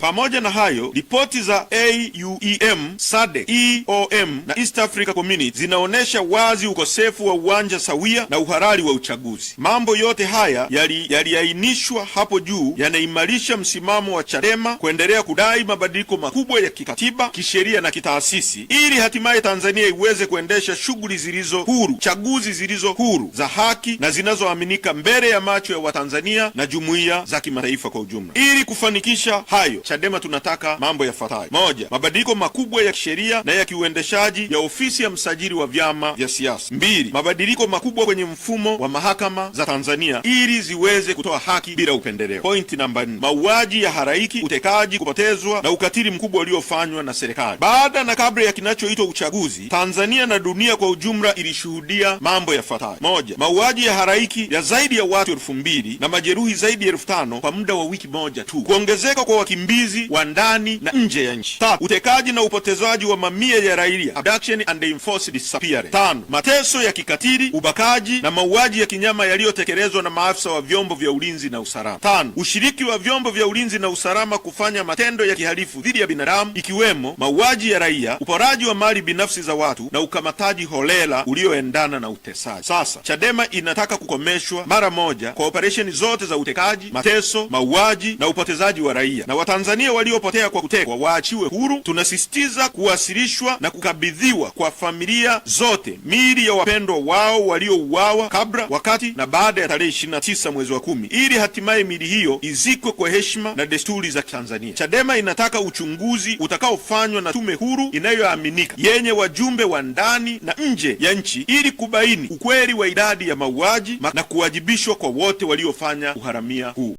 Pamoja na hayo, ripoti za AUEM, SADC, EOM e na East Africa Community zinaonyesha wazi ukosefu wa uwanja sawia na uhalali wa uchaguzi. Mambo yote haya yaliainishwa yali hapo juu yanaimarisha msimamo wa Chadema kuendelea kudai mabadiliko makubwa ya kikatiba, kisheria na kitaasisi ili hatimaye Tanzania iweze kuendesha shughuli zilizo huru, chaguzi zilizo huru, za haki na zinazoaminika mbele ya macho ya Watanzania na jumuiya za kimataifa kwa ujumla. Ili kufanikisha hayo Chadema tunataka mambo yafuatayo: moja, mabadiliko makubwa ya kisheria na ya kiuendeshaji ya ofisi ya msajili wa vyama vya siasa; mbili, mabadiliko makubwa kwenye mfumo wa mahakama za Tanzania ili ziweze kutoa haki bila upendeleo. Pointi namba nne, mauaji ya haraiki utekaji, kupotezwa na ukatili mkubwa uliofanywa na serikali baada na kabla ya kinachoitwa uchaguzi. Tanzania na dunia kwa ujumla ilishuhudia mambo yafuatayo: moja, mauaji ya haraiki ya zaidi ya watu elfu mbili na majeruhi zaidi ya elfu tano kwa muda wa wiki moja tu; kuongezeka kwa wakimbizi wakimbizi wa ndani na nje ya nchi. Tatu, utekaji na upotezaji wa mamia ya raia, abduction and enforced disappearance. Tano, mateso ya kikatili, ubakaji na mauaji ya kinyama yaliyotekelezwa na maafisa wa vyombo vya ulinzi na usalama. Tano, ushiriki wa vyombo vya ulinzi na usalama kufanya matendo ya kihalifu dhidi ya binadamu ikiwemo mauaji ya raia, uporaji wa mali binafsi za watu na ukamataji holela ulioendana na utesaji. Sasa Chadema inataka kukomeshwa mara moja kwa operesheni zote za utekaji, mateso, mauaji na upotezaji wa raia na Watanzania Watanzania waliopotea kwa kutekwa waachiwe huru. Tunasisitiza kuwasilishwa na kukabidhiwa kwa familia zote miili ya wapendwa wao waliouawa kabla, wakati na baada ya tarehe 29 mwezi wa kumi, ili hatimaye miili hiyo izikwe kwa heshima na desturi za Tanzania. Chadema inataka uchunguzi utakaofanywa na tume huru inayoaminika yenye wajumbe wa ndani na nje ya nchi ili kubaini ukweli wa idadi ya mauaji na kuwajibishwa kwa wote waliofanya uharamia huu.